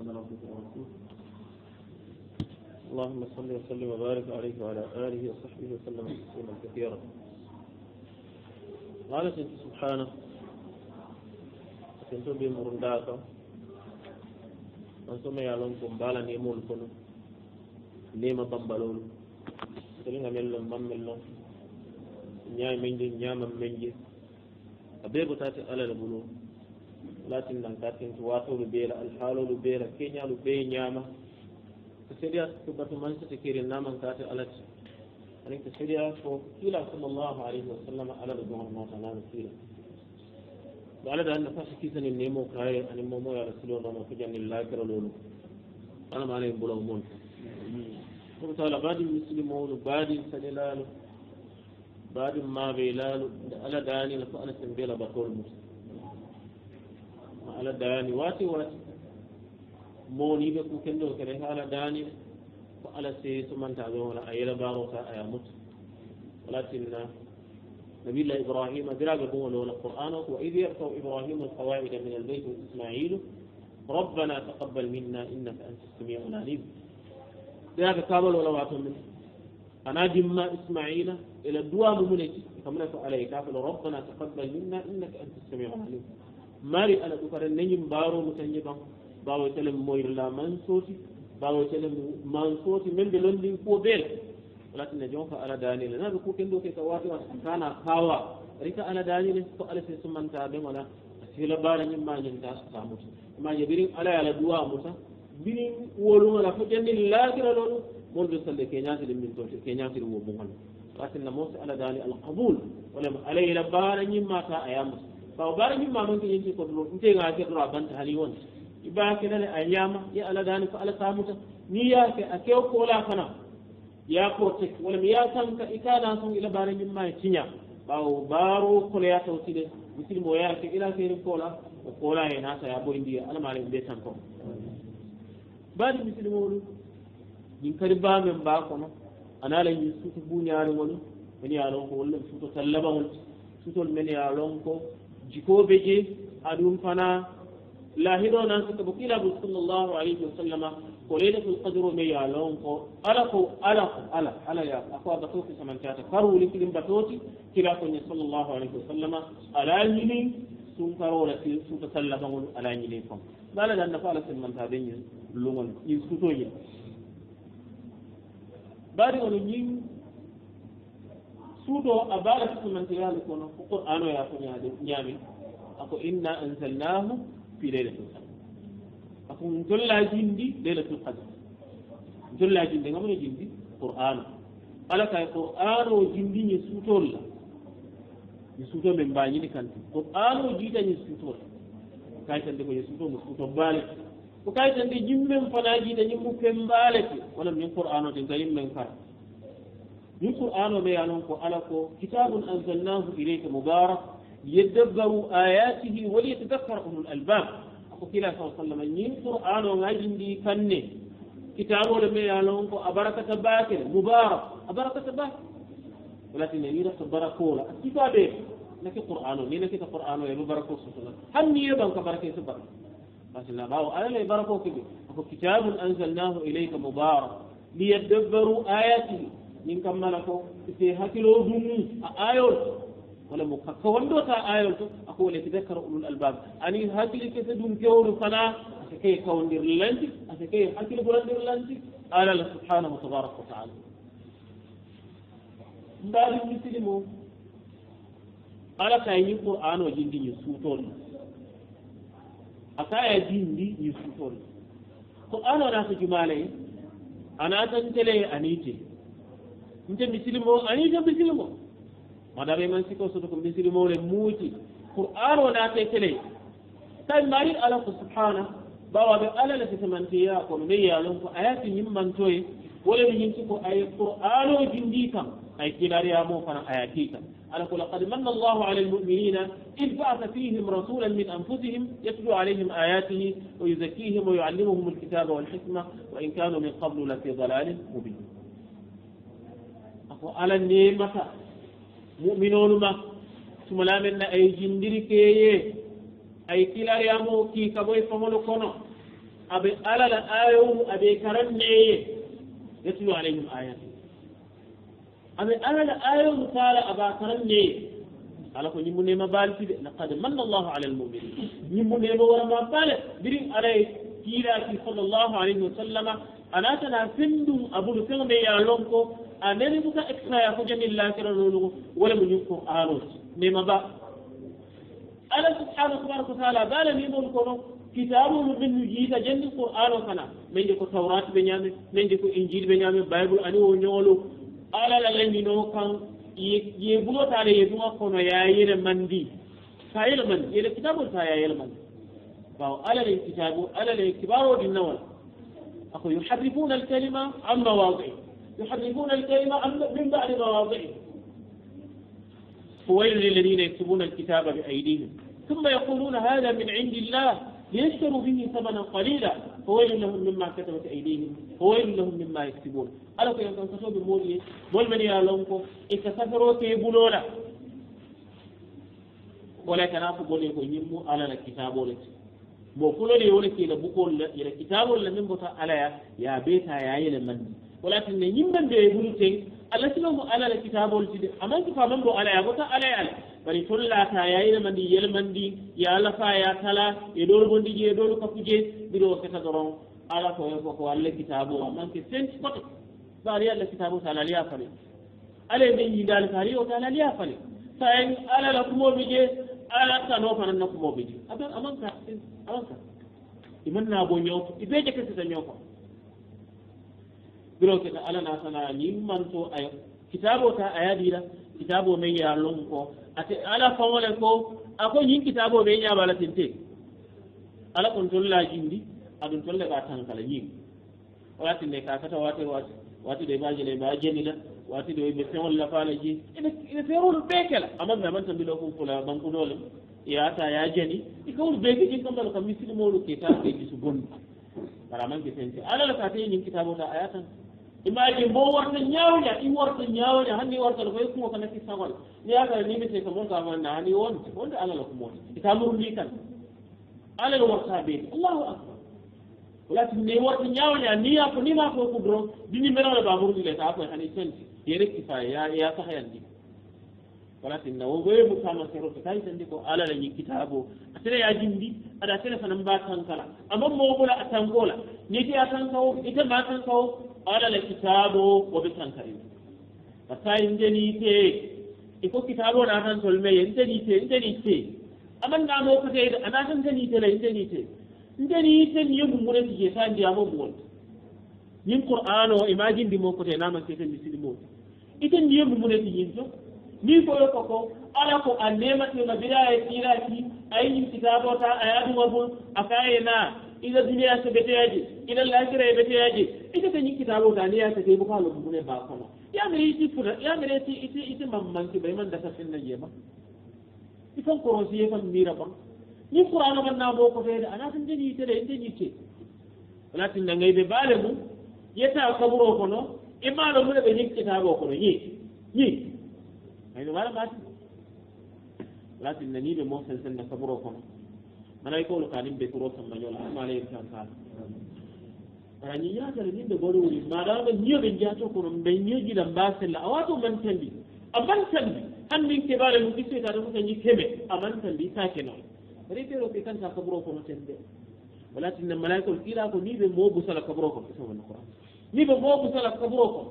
اللهم صل وسلم وبارك عليه وعلى آله وصحبه وسلم تسليما كثيرا قال سبحانه سنتو بي مرنداكا من يا لونكم بالا نيمول كنو نيما بمبالول سلينا عمل لهم بمبال لهم نيام منجي نيام منجي أبيبو تاتي على لبلو latin nankatinti watoolu beela alhaaloolu beela keñaalu bee ñaama ko séria ko batu mansata kiri namankaate alati anin ko séria ko kiila sallllahu alayhi wa sallam alaɗo jogonmotanaano kiila ko alaɗa anna fasa kisani nemo kaye anin momoya rasulolama ko janni lakiralolu alama alayen bulaw moon sabu taala baadi misilimolu baadi saɗelaalu baadi maaɓe laalu nde ala daanila ko ala sen mbiyala batol mum على داني واتي واتي موني بكو كندو كره على داني فعلى سيسو من تعزونا أيلا باروتا أيا مت ولكن نبي الله إبراهيم دراج هو لولا القرآن وإذ يرفع إبراهيم القواعد من البيت وإسماعيل ربنا تقبل منا إنك أنت السميع العليم دراج كابل ولا واتم منه أنا دم إسماعيل إلى الدوام منك كما عليك ربنا تقبل منا إنك أنت السميع العليم maari ala ɗukara neñi mbaaromu tañe ɓan mbaawo celem moyrla man sooti mbaawo celem man sooti men ɓe lonndin fo ɓeele walatine jonka ala daanile naɓe ku kenndo ke ka waati wat kana kaawa rika ala daanile ko ala se sumanta ɓen wala sila baara ñin mañinta samuta maje birin ala e ala duwa muta birin wolum ala fo ƴanndi laakira ɗo ɗum mon ɗo salle keñaatiri min toote keñaatiri wo mugon walatinna moose ala daani alqabul walama alayla baara ñimmata a yamuta bawo baara ñumma manke yenti ko duro ntega kerdoro a bante haali wonde iba kenane a ñaama ye ala dani ko ala samuta ni yaake a kew koola fana ya protect walla mi ya tanka ikana tan ila baara ñumma e tiña bawo baaro koloya taw tide musilme o yaake ila keri koola o koola e naata ya ɓoyndi ala maare mbe tan ko baadi musilme oɗum min kadi bamen mba kono anaala min suuto buñaare wonu men ya lon ko wallami suuto tallabawol suutol men ya lon ko jikoo beje aduun fanaa lahiro nan suka buki labu sallallahu alaihi wa sallama ko le da fulqadro me ya lon ko ala ko ala ko ala ala ya akwa bato ki samanta ta karu li kilim batoti kila ko ne sallallahu alaihi wa sallama ala yini sun karo la ki su ta sallama wal ala yini kom bala dan da fala samanta den yin lungon yin suto yin bari onu yin suuto a mbaalata ɗumantere allah kono ko qur'an o yaafoñaade ñaami ako inna ansalnahu fi laylatul qadre ako jolla jinndi laylatul qadre jolla jinnde ngam no jinndi qur'an o ala kay qur'an o jinndi ñe suutolla ñe suuto men mbañini kanti qur'an o jiita ñe suutolla kaytande ko ñe suuto mo suuto mbaalete ko kaytande jimmen fana jiita ñe mu fe mbaalete wala min qur'an o de gayimmen kara دو قرآن وميانونكو ألكو يعني آية كتاب أنزلناه إليك مبارك ليدبروا آياته وليتذكر أولو الألباب أقول كلا صلى الله عليه وسلم نين قرآن ومعجن دي فنه كتاب وميانونكو أبركة باكر مبارك أبركة باكر ولكن نيرا تبركولا كتابه نكي قرآن ني نكي قرآن يبو بركو سوتنا هم يبان كبركة سبر بس لا باو أنا لا يبركو كبير كتاب أنزلناه إليك مبارك ليدبروا آياته min kam mala ko si hakkilo dum a ayol wala mo kakka wonɗo ta ayol to ako wala tadakkara ulul albab ani hakkille kese ɗum kewru fana asa kay kawndir lanti asa kay hakkille golandir lanti alala subhanahu tabaraka wa taala mbaɗi misilimo ala kaye ñin qur'an o jindi ñi suutol a kaya dindi ñi suutol qur'an o naata jumale a naatantele anite nte misilimo ani nte misilimo madame man siko soto ko misilimo le muuti qur'an wala naate tele tay mari ala subhana bawa be ala la tisamantiya ko me ya lon ko ayati man toy wala ni hinti ko ay qur'an o jindi kam ay kilari ya mo fana ayati kam أنا لقد من الله على المؤمنين إذ بعث فيهم رسولا من wa يتلو عليهم آياته ويزكيهم ويعلمهم الكتاب والحكمة وإن كانوا من قبل لفي ضلال مبين o ala nemata muminonu ma tuma lamenna ay jindiri keye ay kilariyamo kiikabo e famolo kono aɓe alala ayowu aɓe karan neye yetuyo alayhim ayati aɓe alala ayowu taala aba karan neye ala ko ñimmunema baltide laqad manna llahu ala almuminin ñimmunema warama bale mbirin aray kiilaki sallllahu alayhi wa sallama anatana fenndum aɓuru feŋ ɓe yalon ko amene buka expire ko jami lakira lolu wala mu ñu qur'anu mais ma ba ala subhanahu tabaraka wa taala bala mi mon ko kitabu mu bin jita jandi qur'anu kana men ko tawrat be nyame men ko injil be nyame bible ani wo nyolo ala la lenni no kan ye bulo tare ye duma kono ya yele mandi fa yele mandi yele kitabu ta ya yele mandi bawo ala le kitabu ala le kibaro dinawal ako yuharrifuna al kalima amma wadi'i يحرفون الكلمة من بعد مواضعه فويل للذين يكتبون الكتاب بأيديهم ثم يقولون هذا من عند الله ليشتروا به ثمنا قليلا فويل لهم مما كتبت أيديهم فويل لهم مما يكتبون ألا كي ينتصروا بمولي بول من يالونكو إكسفروا تيبولولا ولا تنافوا بولي يمو على الكتاب ولت bo لي ولك إلى بقول إلى كتاب ولا من kitabul على يا bota يا عيل من o latinne yimɓe nde e hum ten allah sinomo alala kitaboleji ɗe amanki faman mbo alaya bo ta alay ala bari tol lata yayinama ndi yelman ndi ya lafa ya tala e ɗolu bo ndiƴi e ɗolu kappuje mbiɗo keta doron ala ko wey koko allah kitabu o amanke senti poto so ari allah kitabu ta alaliya fale ala nden e yidali ta ari o ta alaliya fale sa en alala kumoɓe je alattano fananna kumoɓe je aɓe amanka amanka imannabo ñawko ɓeje kesita ñawkoo birow keɗa alanatana nimmanto a kitabo ta a yaɗira kitabo men ya lomu ko ate ala fawole ko ako ñin kitabo men ñaɓala tente ala kon tolla jindi aɗum tolle ɓa tankala ñin wati nde kakata wati wat wati ɗo maje ne ma jenina wati ɗo ɓe feolla fala je ine feolu ɓekela amman mi amanta mbilo ko fula bankunole yata ya jani i kawru beke jin kam mbala kam mi siɗumolu ke ta ɓe ɗisu bonu par amanke sente alala ka teñin kitabota aya tan imaji mbo worno ñawña ɗi worno ñawña hanni wortono e ko yokkumo ko nakki sagol niyagara nimite ko mon kamanna hani wonde wonde alal ko moni itamuru e ndi tan alal worta beeti allahu akbar yati ni worno ñawña niya ko nima ko kudron ɗi numérole bamurdile ta koye hani senti ye rectifa ya ya sahayan ndi wala tinna woyemu kama serote tawi tan ndi ko alala ñi kitabu a tene ya jimdi aɗa tene fana mba tankala amamo wola a tankola niti a tanka o itemba tanka o ala le kitabo woɓe tankari par ce que ndenite e fo kitabo ona tan tolmeye ndenite ndenite amannamo kateede ana tan ndenite la ndenite ndenite ni yemu mure tike ta ndiyamo muwon yin qur'an o imagindi mo kote namanketendi siɗi mo iten ndi yemu mure ti yin jom ni koyo koko ala ko a nemateno bira e tiraki ayiyi kitabo ta a yaduma bol a kayena ina duniyaasa beteyaji ina lagira e beteyaji ikata ñi kitabo tani yaasa kay bukalo mune ba kono yamire iti puna yamire ti iti iti mam manki bay man dasa finna jeema i fan koronsiye fan mira bon ñi qurano man nambo ko feede anata ndeñi tere ndeñi te wala tinna ngay ɓe baale mum yetta kaburo kono e maalo mune ɓe ñik kitabo kono ñi ñi ayno wala mbati wala tinna ni ɓe mo sen senna kaburo kono ana ye koolu kaanin be kuro sammañola amaalaye kankaala ara ñi yaatare nin ɓe boɗowuri maɗama ñiyo ɓe jiyato kono ɓe ñoƴƴina mbasella a waato man tandi a man tandi hanndin keɓaale mu ɓisoy tata ko kañi keɓe a man tandi saake noon reteero ɓe kanta kaburo kono ten de wala tinna malaikol ila ko ni ɓe moobu sala kaburo kon isawani qouran ni ɓe moobu sala kaburo kon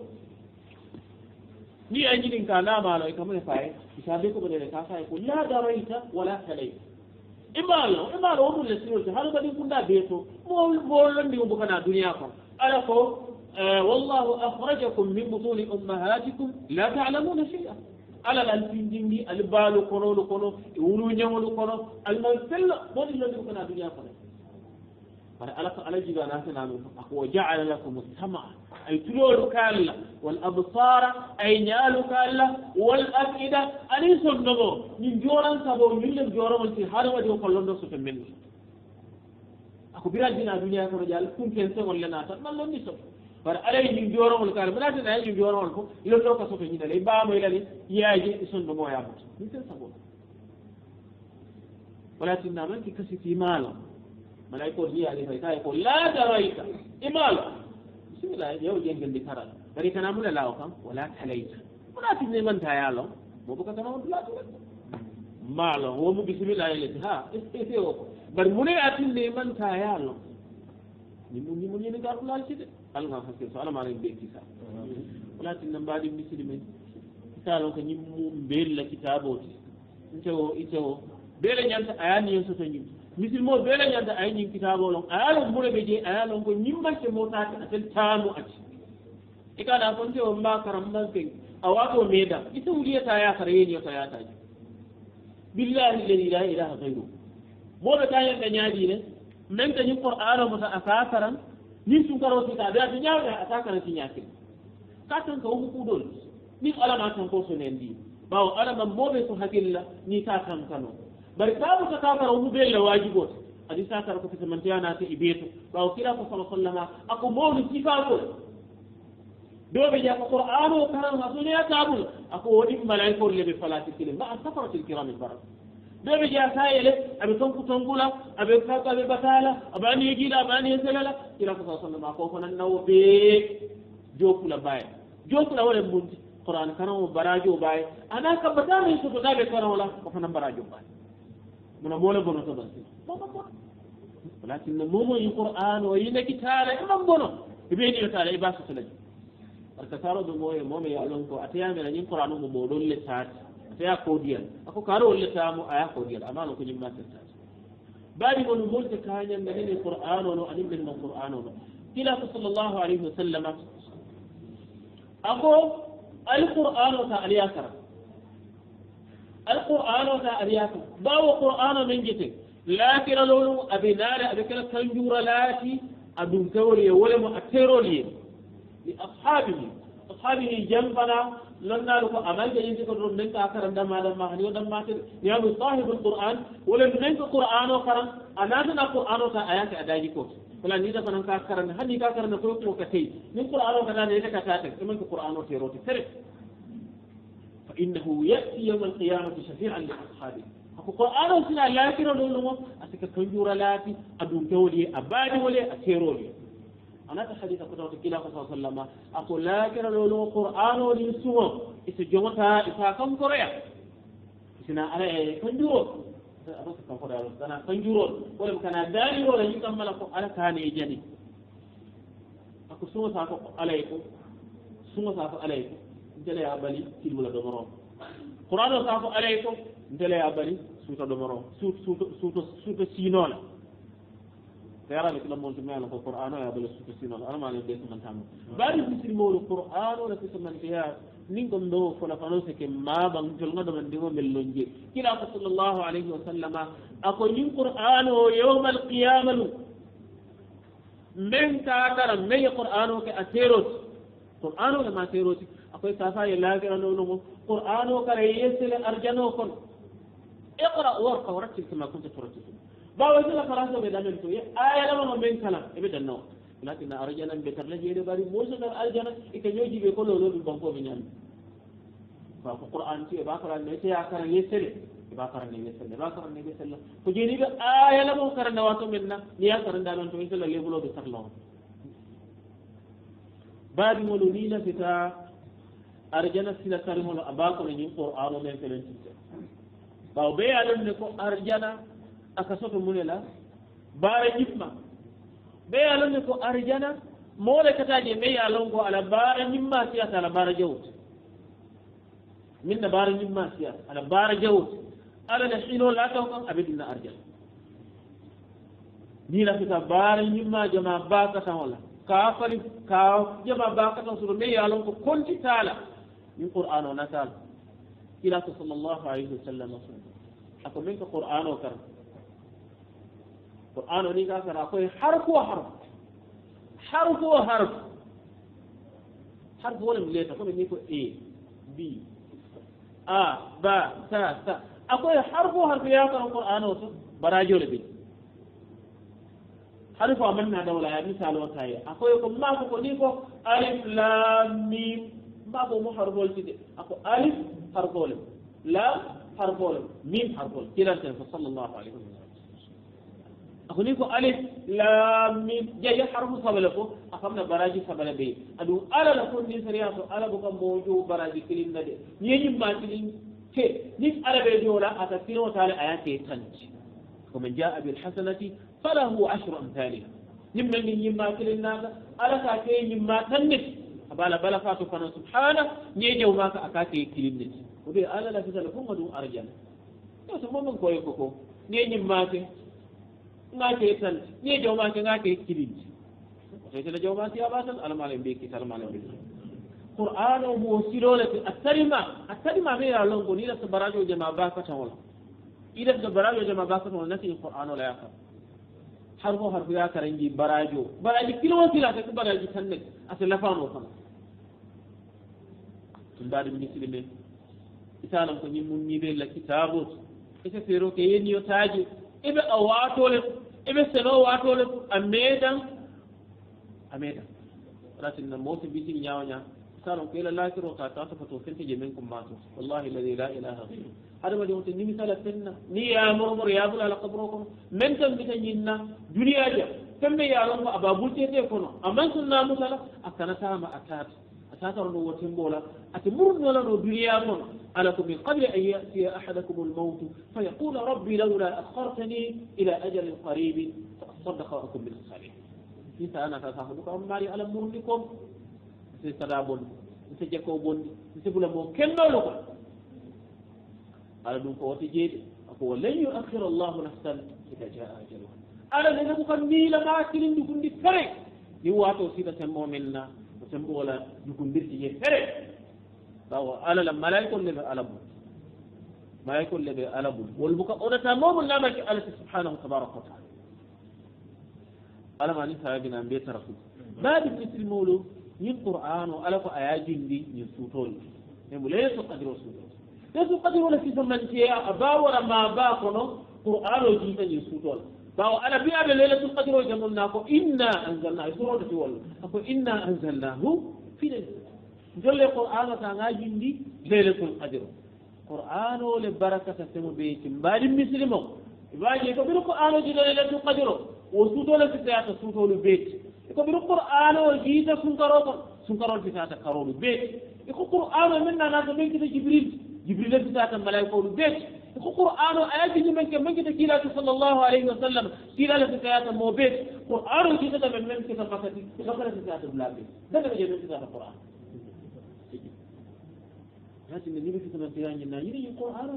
ni a ñiɗin ka namaalo e kamone fayi isa be koɓeɗene ka faye ko la darayta wala halayta imalo imalo wo ɗum lesirote haɗo kadi gunda beeto mo molondigo bokana duniya kon ala ko wallahu akhrajakum min butuni ummahatikum la talamuna cheya alal alfindindi ali baalo konoɗo kono e wuluñawolu kono alman fella moɗi londigo kana duniya kono على جدا ناسنا أقوى جعل لكم السمع أي تلور كالله والأبصار أي نيال كالله والأفئدة أليس النظر من جورا سبو من لم جورا ملتي هذا ودي وقال لنا سفن مني أقوى برا جنا دنيا كرجال كن كنسة ولنا أسر ما لن نسف بار علي من جورا ملتي من أسر نعي من جورا ملتي لن نوك سفن جدا لي بام إلا لي ياجي سن نمو يابت نسل سبو ولكن نعمل كسي في مالا malay ko ndiya ale fay tay ko la daraita imala bisimilla yow jengel ndi karal gari tana mune law kam wala talayta munati ne manta yalo mo boka tana on la malo wo mu bisimilla ale ha ese o bar mune atin ne manta yalo ni mu ni mu ni ngar la ci de al nga hasse so ala ma ngi beti sa wala tin na mbadi muslimin salon ko ni mu mbel la kitabo ti ite o ite o bele ñanta aya ni yo soto ñimi misilmo bele ñanda ay ñin kitabo lon aya lon ɓure ɓe je aya lon ko ta ta atel a ati e d'a fonte on mba karamman ken a wato meeda ise wuliyata ya ta yataji billahi la ilaha gayru moɓe ka hen ɓe ñaaɗine min ka ñin qur'ana mota a sakaran nin sunkaro sika ɓe nyaa da a ti nyaake ka tan ka womo kuɗol ɗin alama tan ko sonen ndi ɓawo alama be so hakilla ni ta tankano bari kaaru ka kaakara omu bee la waajiboot adi saakara ko fisamanteyanaate i beetu ɓaawo kiraa ko sala sallama ako mawni sifaakol dooɓe jaa ko qur'an o karan a soneya kaabul ako woɗi malaikor le ɓe falati kile ma a safaratil kirami barat dooɓe jaa kaayele aɓe tonku tonkula aɓe aɓe batala aɓe ani yegiila aɓe ani yeselala kira ko saa sallama ko fonannawo bee jookula baaya jookula wole munti qur'an karan o barajo baaya ana kabbatama sotoɗaɓe karan ola ko fana barajo baaya muna mole bono to ban walakin momo yi qur'an o yi neki taala e man bono e ɓeyni yo taala e baso selaji par ce que taroɓe moye momo ya lon ko a teyamena ñin qur'an o mo moɗon le taati a teya koodiyal ako kaaro on le taamo aya koodiyal amano ko ñimma tettaati baɗi mon molte kañande nene qur'an ono anin ɓenno qur'an ono kila ko sallllahu alayhi wa sallama ako alqur'an o ta aliya kara القرآن وذا أرياتو باو قرآن من جتك لا كلا لولو أبي نار أبي كلا تنجور لاتي أدون ولا مؤثر لي لأصحابه أصحابه جنبنا لن نعرف أمل جينتي كنت من تأثر عندما لما هنيو دم ماتر يعني صاحب القرآن ولا منك القرآن وقرآن أنا تنا القرآن وذا آيات أداجي كوت فلا نيدا فنان كاكرن هني كاكرن كوكو كتي من قرآن وكذا نيدا كتاتك إمن القرآن وتيروتي ترك فإنه يأتي يوم القيامة شفيعا لأصحابه ako ko aɗo sina laakirololo mo a sika tonjura laati adum pewole a baadiwole a seerole anata hadita ko tawto kila ko sa sallama ako laakirololo qur'an olin suwo iso jomata isa kankoroya sina ala e tonjuro aɗo sik kankoɗaɗo kana tonjurol wolem kana daanirole yim kammala ko ala kaane e jani ako sumo sa ko alaye ko sumo sa ko alaye ko ndeleya bali silmula domoro qouran o saafo alay ko ndeleya bali suuta domoro suuto suuto siinola feerani kila monto meano ko qouran o ya bala suuto siinola alamane ɓe samantama mbaɗi misilmowlo qouran o lafi samantiya nin kom ɗo fola fano sike maɓan jolga ɗoman ndego mellonje kila ko sallllahu alayhi wa sallama ako nin qouran o yawma alqiyama lu min tatara meye qouran o ke a seeroti qouran o ke ma seeroti أقول كافا يلا كنا نقول قرآن وكان يسل أرجنا وكن اقرأ وارقى ورتل كما كنت ترتل باو يسل خلاص بيدان انتو آية لما من كلام ابدا نو لكن أرجنا بيتر لجي يدباري موسى در أرجنا إكنيوجي بيقول له بالبنفو بنيان فالقرآن تي باكرا نيسي آكرا يسل باكرا نيسل باكرا نيسل فجيني بآية لما كرنا واتو منا نيا كرنا انتو يسل اللي بلو بيتر لهم باب مولونين فتاة arjana sila karimono a mbakono ñin qouran o men felen tinte ɓaw ɓe yaɗon ne ko arjana aka soto mune la baara ñimma ɓe yalon ne ko arjana molekataje ɓe yalon ko ala baara ñimma siyata ala baara jawte min na baara ñimma siyata ala baara jawte ala ne xino lataw kan aɓe ɗinna arjana nina fita baara ñimma jama bakatan ola ka fali ka jama bakatan soto ɓe yalon ko konti taala من قرآن ونسال إلى صلى الله عليه وسلم أكو منك قرآن وكرم قرآن ونيك أكرم أكو حرف وحرف حرف وحرف حرف ولم ليت أكو منك إي بي آ با سا سا أكو حرف وحرف يا كرم قرآن وكرم براجو لبي حرف أمنا دولة يا مثال وطاية أكو يكو ما كو نيكو ألف لام ميم baabo mo harfol tide ako alif harfolem lam harfolem mim harfol kiranten ko sallllahu alayhi wa sallam ako ni ko alif lam mim jeya harfu sabale fo a famna baraji sabale ɓeye aɗum ala la fonni saria to ala boka mojo baraji kilinna de yeñimma kilin te nin ala ɓe jola ata kinotale ayate tanti ومن جاء بالحسنة فله عشر أمثالها نمن من يما كلنا على ساكين يما تنف abala bala fatu fana subhana nye jaw maka akake kilinne ko be ala la fisala ko madu arjana to so mon ko yoko ko nye nyim na ke tan nye jaw na ke kilinne to tele jaw basal abasan almalen be ki salmanen be qur'an o mo silole asalima asalima be ya longo ni la sabarajo jama ba ka tan wala ida sabarajo jama ba ka tan wala nati qur'an o la ya ka har fo har fo yakarangi baraji o baraji kilowo silata ko baraji tanne asa lafano kam tum mbaɗi misle men isalam ko ñimmum miɓella kitabot esafero ko yeniyotaji eɓe a watole eɓe seno watole a meedan a meedan ratinna mosa mbisimi ñawo ñaa مثال قيل لا كرو كاتا فتو منكم والله الذي لا اله غيره هذا ما دي مثال سنة ني يا مرمر يا على قبركم من كم بتنينا دنيا دي كم يا رب ابا بوتي تي كون اما سنة مثال اكنا سما اتات أساتر نو بولا أتمر ولا نو دنيا من ألك من قبل أن يأتي أحدكم الموت فيقول ربي لولا أخرتني إلى أجل قريب فأصدق وأكون من الصالحين. أنا تاخذكم أمري على مرنكم si sada bondi si jekko bondi si sifula mo kennolo ko ala ɗum ko wata jeeɗi ako walan yuakhira llahu nafsan ida jaa ajaluha ala nene ko kam miilama kilindi kundi fere ni wato siɗa sembo men na o sembo wala dukundirti ye fere bawo ala la malaikol leɓe ala bol malaikol leɓe ala bol wolbuka oɗata momol namaki alati subhanahu tabaraka wa taala alama ni sarabina mbiye tarafu ma ɗum isri mawlo min qur'an o ala ko aya jindi min suutoyi mais mo leyso qadiro suuto leyso qadiro la fiso mantie a bawora ma ba kono qur'an o jiita min suutola bawo ala mbiyaɓe laylatul qadiro jamonna ko inna anzalna e surode ti wallo ako inna anzalnahu fiɗe jolle qur'an o tanga jindi laylatul qadiro qur'an o le barakata semo ɓeyeti mbaɗi muslime o waje ko ɓiɗo qur'an o jiɗo laylatul qadiro o suutola fisayata suutolu beyti iko biru qur'an o jiita sun karo kon sun karo bisata karolu be iko qur'an o minna na men kita jibril jibril la bisata malaiko lu be iko qur'an o ayati ni men ke men kita kila tu sallallahu alaihi wasallam kila la bisata mo be qur'an o jiita men men kita fasati fakara bisata bla be daga je men kita qur'an هذه من يبي في تمثيلان جنة يري القرآن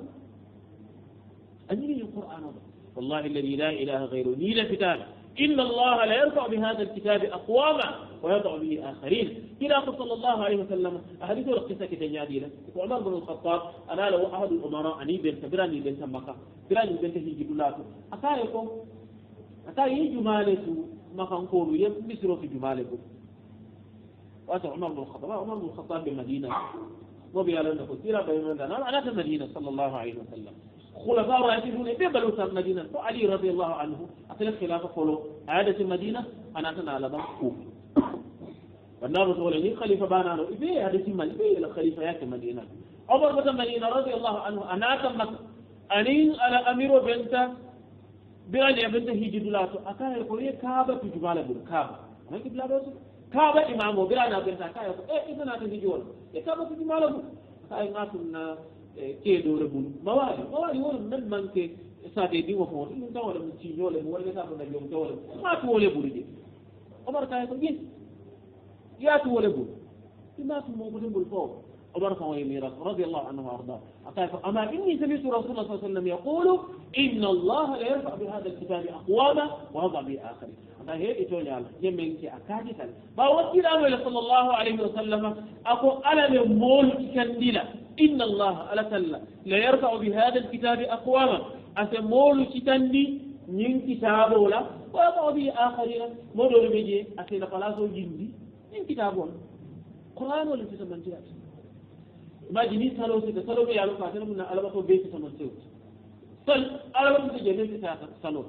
أن يري القرآن والله الذي لا إله غيره نيل في ذلك إن الله لا يرفع بهذا الكتاب أقواما ويضع به آخرين إلى صلى الله عليه وسلم أهديث قصة كتن يادينا عمر بن الخطاب أنا لو أحد الأمراء أني بنت براني بنت مكة براني بنت هيجي بلاتو أتايكم أتاي ما كان قولوا يمسروا في جمالكو وأتى عمر بن الخطاب عمر بن الخطاب بالمدينة وبيالنا لنا كثيرا بين أنا في المدينة صلى الله عليه وسلم خلفاء راشدون في إيه سر المدينة وعلي رضي الله عنه أتنا خلافة فلو عادة المدينة أنا أتنا على بان كوفي والنار تقولني إيه خليفة بانانو في إيه عادة المدينة في الخليفة ياك المدينة عمر بن المدينة رضي الله عنه أنا تمك أنين على أمير بنت براني بنت هي دولاتو أكان يقول كابة في جبالة بول كابة ما يجي بلا كابة إمامو براني بنت أكان يقول إيه إذا ناتن هيجي ولا كابة في جبالة بول أكان يقول keeɗoore mum ma waali ma waali wona nan manque saade ni wofo on ɗum tawaɗa mum siñoole mum walla gata nabi om tawaɗa mum maatu wole ɓuri de omar kaye ko ƴes yaatu wole ɓuri ɗimaatu mo ko tembol fo عمر فهو ميراث رضي الله عنه وارضاه قال اما اني سمعت رسول الله صلى الله عليه وسلم يقول ان الله لا يرفع بهذا الكتاب اقواما ويضع به اخرين قال هي اتوني الله يمين كي اكادي قال با وكيل صلى الله عليه وسلم اكو انا من مول كنديلا إن الله على تلا لا يرفع بهذا الكتاب أقواما أتمول كتاني من كتاب ولا ويضع به آخرين مدر مجي أتلا قلاصه جندي من كتاب ولا قرآن ولا تسمى انتهاك ما جني سالو سيدة سالو بي عالو فاتنا من ألبا تو بيت سمى انتهاك سال ألبا تو جميل تسمى سالو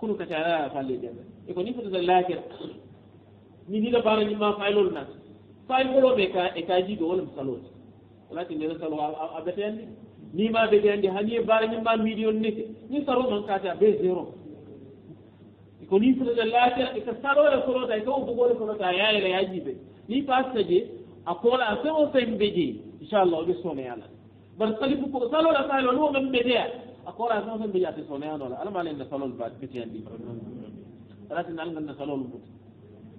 كنو كتارا فالي جميل يكون نفت ذلاكر من هنا بارني ما فايلو الناس فايلو لو بيكا إكاجي دولم سالو سيدة lati ndeno sal a a bete andi ni ma bete andi hani e bara ñim ma miɗion neke ni saro man kaate a be zéro ko ni fotode latira eko saroole sorota e kawo bogole sorota a yayere ya jibe ni pasta je a koola a feno fembe je inchallah oɓe soome ala bat salifu ko saloola saalio nuwo men ɓetea a koola a feno fembe je ate soome anola alamalenne salol ba bete andi alatin alganna salol but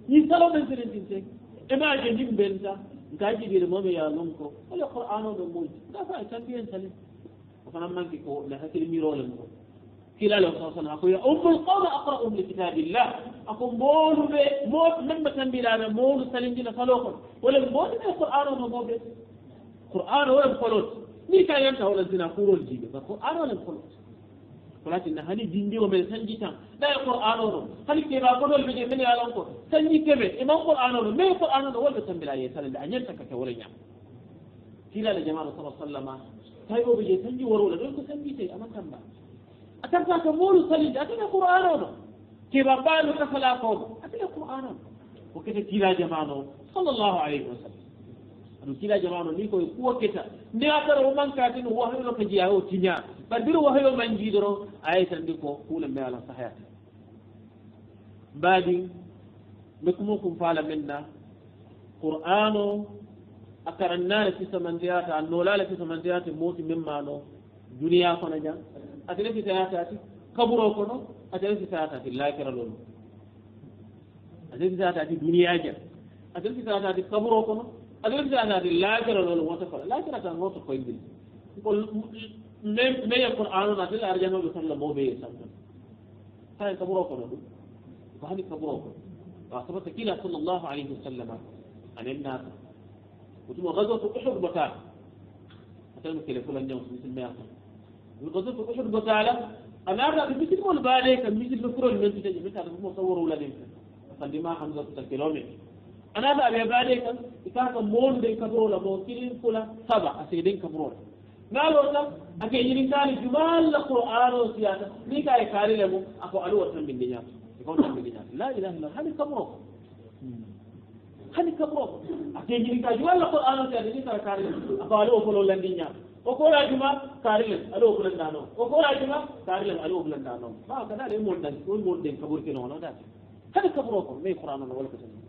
ni salo men seren tin ten emaje ndim mbenta nkaji bir mame ya lonko ale qur'ano be moy da fa tambiyan tale fa nan man ko la hakil miro le mo kila lo sa sana ko ya ummul qawm aqra'uhum kita kitabillah ako molu be mo nan ba bila be molu salim dina falo ko wala molu be qur'ano no mo be qur'ano wala folot ni ka yanta wala dina kurol jibe qur'ano wala folot ولكن هني جندي ومن سنجي تام لا القرآن ورم هني كي بقول ولا بيجي مني على القرآن سنجي كم إمام القرآن ورم ما القرآن ورم ولا بسم الله يسال الله أن يرتك كورين يام كلا لجماعة صلى الله عليه وسلم تايو بيجي سنجي ورولا دول كسنجي تي أما كم أتم فاك مول سنجي أتم القرآن ورم كي بقول ولا كسلا قوم أتم القرآن ورم وكذا كلا جماعة صلى الله عليه وسلم aɗum kila jamanu ni koye kuwa keta nde a tara o manka ten o wahayono ka jeeya o tiña bar biro wahayo man jiidoro aye tandi ko huula me ala sahayata mbaadi mekkumo kum faala men na qur'an o a karannaale fisamandiyata a noolaale fisamandiyata mooti memmaano duniya kono jam atene fitayatati kaburo kono atene fitayatati lakiralol atene fitayatati duniya jam atene fitayatati kaburo kono alin da na da lagara lol wata fa lagara ta wata ko yi ko me me ya qur'anu na da arjama bi sallamo be sallamo sai kaburo ko do ba ni kaburo ko ba sabata kila sallallahu alaihi wasallam anin na وتم غزوة أحد بتالة حتى نكلف لن يوم مثل ما يقول الغزوة أحد بتالة أنا أرى مثل ما البالي كان مثل بكرة من تجي مثل هذا مصور ولا يمكن فالدماء خمسة كيلومتر ana ba be bade kan ita ka mon de ka dola bo kilin kula saba ase den ka bro na lo ta ake yirin kali jumal la qur'ano siyata ni ka e kali le mu ako alu watan bin dinya ko tan bin dinya la ilaha illa hali ka bro hali ka bro ake yirin ka jumal la qur'ano siyata ni ka kali ako alu ko lo lan dinya o ko la juma karilem alu ko lan dano o ko la juma karilem alu ko lan dano ba ka da le mon dan ko mon den kabur ke no no da hali ka bro ko me qur'ano wala ko tan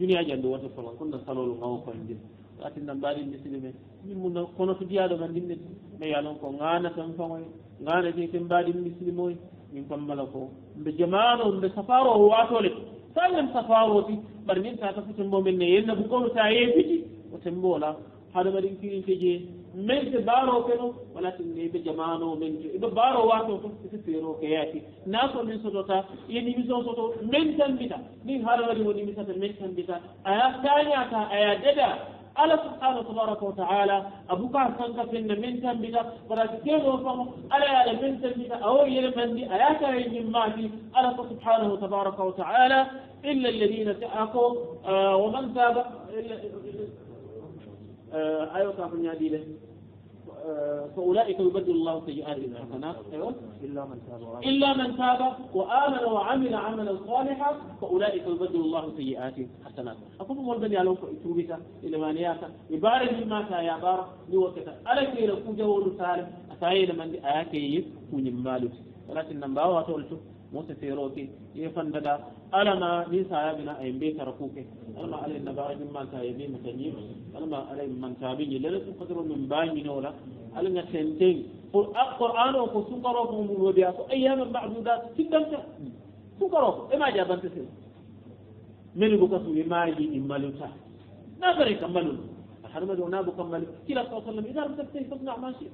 duniya ƴanndu wata sola kono noon salolu ngawo koye ndin atinnan mbaɗi misiɗe men min mum no kono to jiyaɗo kan ndinɗe mais ya noon ko ganatan famoye ganate ten mbaɗi misiɗe moye min kammala ko mbe jamano mbe safaro o watole sallem safaro ti ɓar min tata fo tembo men ne yenna bukono sa yeɓiti o tembo ola haɗa mbaɗi kirinte jeye من تبارو كنو ولكن نيب جمانو من تي إذا بارو واتو كنو تسيرو كياتي ناسو من سوتو تا يني ميزو سوتو من تن بيتا نين هارو لدي هو نيميسا تن من تن بيتا آيا تانيا تا آيا ددا على سبحانه تبارك وتعالى أبو كعب سنك فين من تن بيتا ولكن كيرو فمو على يالا من تن بيتا أو من دي آيا تاين جمعتي على سبحانه تبارك وتعالى إلا الذين تأكو آه ومن تابع آه، آية كافر نادي له آه، فأولئك يبدل الله سيئاتهم حسنات أيوة إلا من تاب إلا من تاب وآمن وعمل عملا صالحا فأولئك يبدل الله سيئاتهم حسنات أقول مول بني ألو توبتا إلى ما نياتا إبارة مما تايا بارا نوكتا ألا كي لكو جوال سالم أسايا لمن آكي يفكو نمالو ولكن نمباوة تولتو موسى سيروكي يفنددا alana ni sayaɓina ay mbetara kuke alama ala nabaxe min manta yemi mataƴim alama ala manta miñi lene ku fatiro min mbañinola alanga tenten pour a qouran o ko sukaroko mumoɓe a ko ayame mbaxdudat siddamta sukaroko ema jabante sen mene buka sumi e maji i maluta na bare kam malu hadamade o na bukam malu kila saw sallam idarmtaftay fasnaa ma chi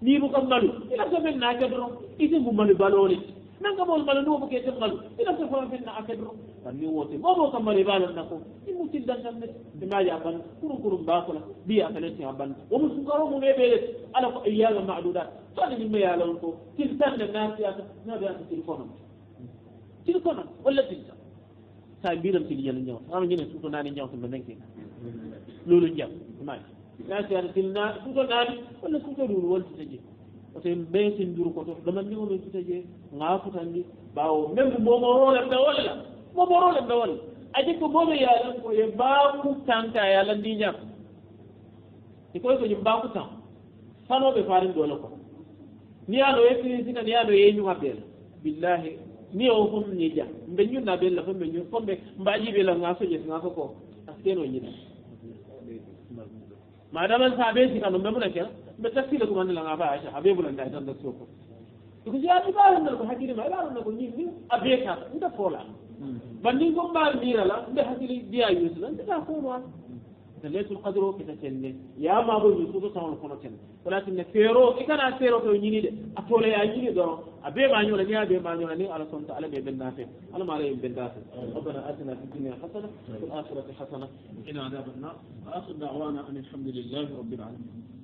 ni bukam malu ila so men naƴadoro isin bu malu baloni nangamo malanu buke tingal ila sa fam finna akedro tanni wote momo kam mari balan nako imu tildan namne dimaji aban kurun kurun bakola bi akalati aban wo musukaro mu bebe ala ko ayyama ma'dudat fani min yalon ko tiltan nas ya na da telefonam telefonam wala tiltan sa biram til yalla ñew am ñu ne suto nani ñew sama nanki lolu ñew ma nas ya tilna suto nani wala suto dul wol ci jikko sen ɓen sen juru koto ɗonanni ono fita je ngafutandi ɓawo membo momorole ɓe walla momorole ɓe walla adi ko boɓe yalan ko ye mbaku tanta yalandiñam e koye koye mbaku tan fanoɓe farin dole ko ni ano yefirisina ni ano yeñu haɓɓela billahi ni o fom ñiƴa ɓe ñunna ɓella fo ɓe ñu fomɓe mbaƴiɓe la ngaso je ngaso ko par ce que no ñiɗa madame sa ɓe sikano ɓemuna kela بتكفي لكم أن لنا فاعشة حبيب لن تحت عندك سوق يقول يا أبي بارن لكم حكيري ما يبارن لكم نيم نيم أبيك هذا أنت فولا بندين كم بار ميرا لا أنت حكيري ديا يوسف أنت لا فولا ليس القدر كتتني يا ما بقول يوسف سامون كنا تني ولكن فيرو إكنا فيرو في يني ده أتولى يا يني ده أبي ما يولا نيا أبي ما يولا نيا على صنط على بيبن نافع على ما عليه بيبن نافع ربنا آتنا في الدنيا حسنة وفي الآخرة حسنة وقنا عذاب النار وآخر دعوانا أن الحمد لله رب العالمين